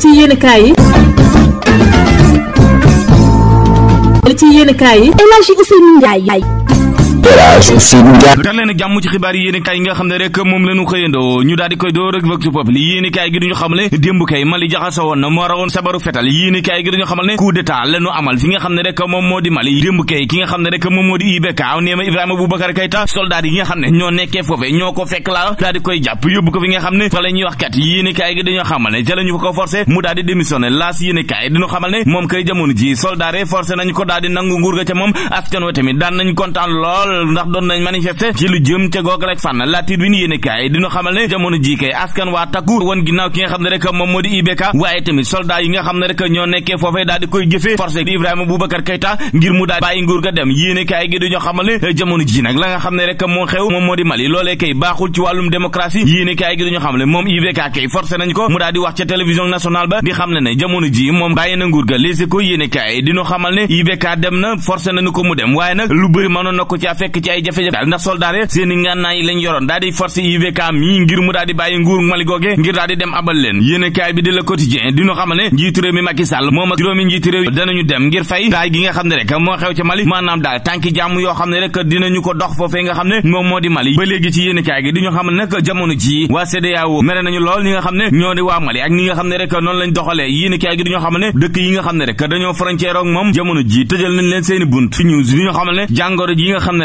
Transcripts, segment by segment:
ci yéenekaay yi. ci yéenekaay yi. El Hadji Elhadji leen jàmm ci xibaar yi kay gi duñu xamal ne coup d'état Mali démb kay ki nga yi nga xamal ne moom kay jamono ji soldat forcé nañu ko daal nangu nguur ga ca moom askan wa tamit daan kontaan lool tëral ndax doon ngir mu daal bàyyi nguur ga dem yéene kaay gi duñu xamal ne jamono ji nag la nga xam ne rek moo xew moom moo di Mali loolee kay baaxul ci wàllum démocratie yéene kaay gi duñu xamal ne moom IBK kay forcé nañ ko mu daal di wax ca télévision nationale ba di xam ne ne jamono ji moom bàyyi na nguur ga Les Échos yéene kaay dinu xamal ne IBK dem na forcé nañu ko mu dem waaye nag lu bëri mënoon na ko ci fekk ci ay jafe-jafe ndax soldaar ya ngir mu daal bàyyi nguur Mali googe ngir daal dem abal leen yéenekaay bi di xamal ne njiitu réew mi Macky Sall moom ak juróomi njiitu réew danañu dem ngir fay taay gi nga xam ne rek moo xew ca Mali maanaam daal tànki jàmm yoo xam ne rek dinañu ko dox foofee nga xam ne moom moo di Mali ba léegi ci yéenekaay gi di xamal nag jamono ji waa CEDEAO mere nañu lool ñi nga xam ne ñoo di waa Mali ak ñi nga xam ne rek noonu lañ doxalee yéenekaay gi di ñu xamal ne dëkk yi nga xam ne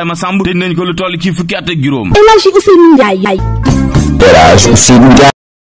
Ibrahima Samb tëj nañ ko lu toll ci fukki at ak juróom